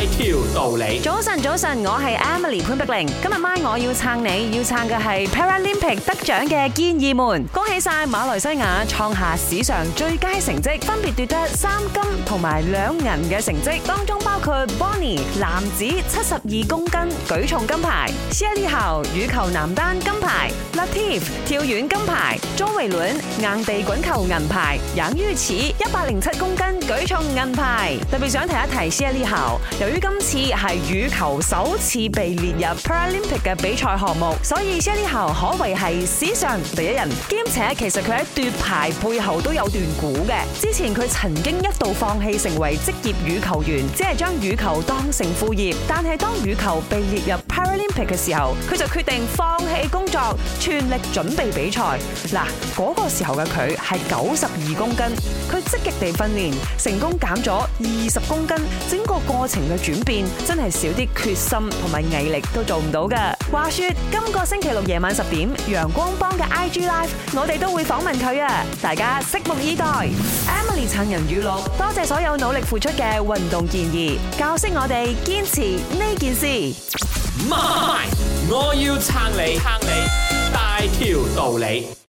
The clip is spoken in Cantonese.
一條道理。早晨，早晨，我係 Emily 潘碧玲。今日晚我要撐你，要撐嘅係 Paralympic 得獎嘅健兒們，恭喜晒馬來西亞創下史上最佳成績，分別奪得三金同埋兩銀嘅成績，當中包括 Bonnie 男子七十二公斤舉重金牌，Shelly Hou 羽球男單金牌，Latif 跳遠金牌，莊維倫硬地滾球銀牌，楊于慈一百零七公斤舉重銀牌。特別想提一提 Shelly Hou。佢今次係羽球首次被列入 Paralympic 嘅比賽項目，所以 Shirley Ho 可謂係史上第一人。兼且其實佢喺奪牌背後都有段故嘅。之前佢曾經一度放棄成為職業羽球員，即係將羽球當成副業。但係當羽球被列入 Paralympic 嘅時候，佢就決定放棄工作，全力準備比賽。嗱，嗰個時候嘅佢係九十二公斤，佢積極地訓練，成功減咗二十公斤。整個過程嘅。轉變真係少啲決心同埋毅力都做唔到噶。話說今個星期六夜晚十點，陽光幫嘅 IG Live，我哋都會訪問佢啊！大家拭目以待。Emily 撐人語錄，多謝所有努力付出嘅運動建議，教識我哋堅持呢件事。媽，我要撐你，撐你，大條道理。